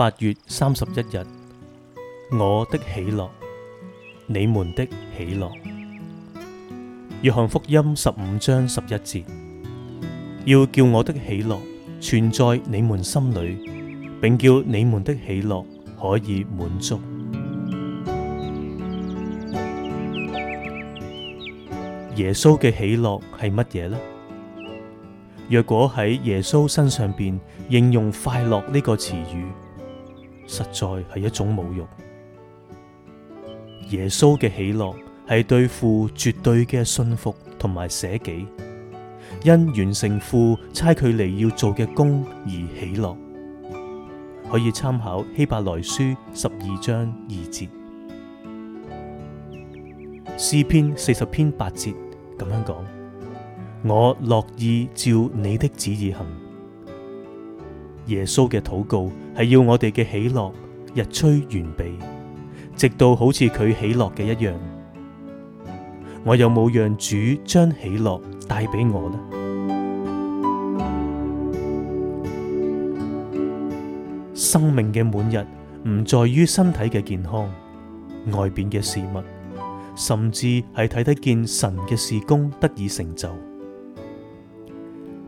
八月三十一日，我的喜樂，你們的喜樂。約翰福音十五章十一節，要叫我的喜樂存在你們心裏，並叫你們的喜樂可以滿足。耶穌嘅喜樂係乜嘢呢？若果喺耶穌身上邊應用快樂呢個詞語。實在係一種侮辱。耶穌嘅喜樂係對付絕對嘅信服同埋捨己，因完成父差佢嚟要做嘅工而喜樂。可以參考希伯來書十二章二節，詩篇四十篇八節咁樣講：我樂意照你的旨意行。耶穌嘅禱告係要我哋嘅喜樂日趨完備，直到好似佢喜樂嘅一樣。我有冇讓主將喜樂帶俾我呢？生命嘅滿日唔在於身體嘅健康、外邊嘅事物，甚至係睇得見神嘅事工得以成就。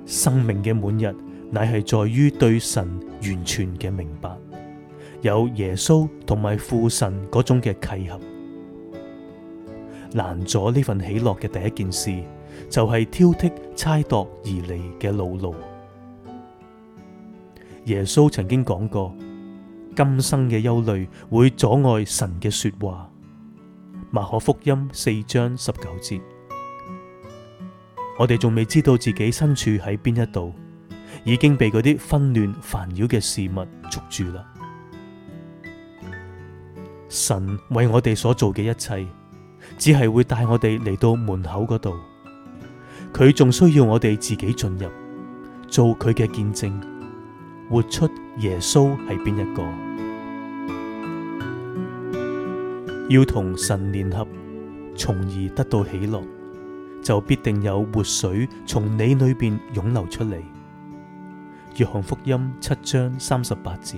生命嘅滿日。乃係在於對神完全嘅明白，有耶穌同埋父神嗰種嘅契合，攔阻呢份喜樂嘅第一件事就係、是、挑剔猜度而嚟嘅惱怒。耶穌曾經講過，今生嘅憂慮會阻礙神嘅說話。馬可福音四章十九節，我哋仲未知道自己身處喺邊一度。已經被嗰啲紛亂煩擾嘅事物捉住啦。神為我哋所做嘅一切，只係會帶我哋嚟到門口嗰度，佢仲需要我哋自己進入，做佢嘅見證，活出耶穌係邊一個，要同神聯合，從而得到喜樂，就必定有活水從你裏邊湧流出嚟。約翰福音七章三十八節，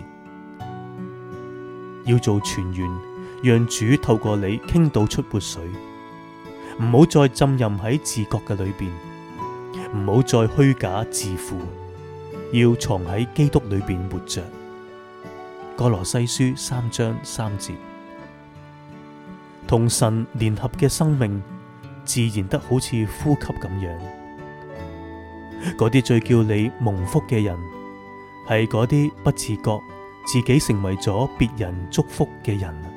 要做全員，讓主透過你傾倒出活水，唔好再浸淫喺自覺嘅裏邊，唔好再虛假自負，要藏喺基督裏邊活着。哥羅西書三章三節，同神聯合嘅生命，自然得好似呼吸咁樣。嗰啲最叫你蒙福嘅人，係嗰啲不自覺自己成為咗別人祝福嘅人。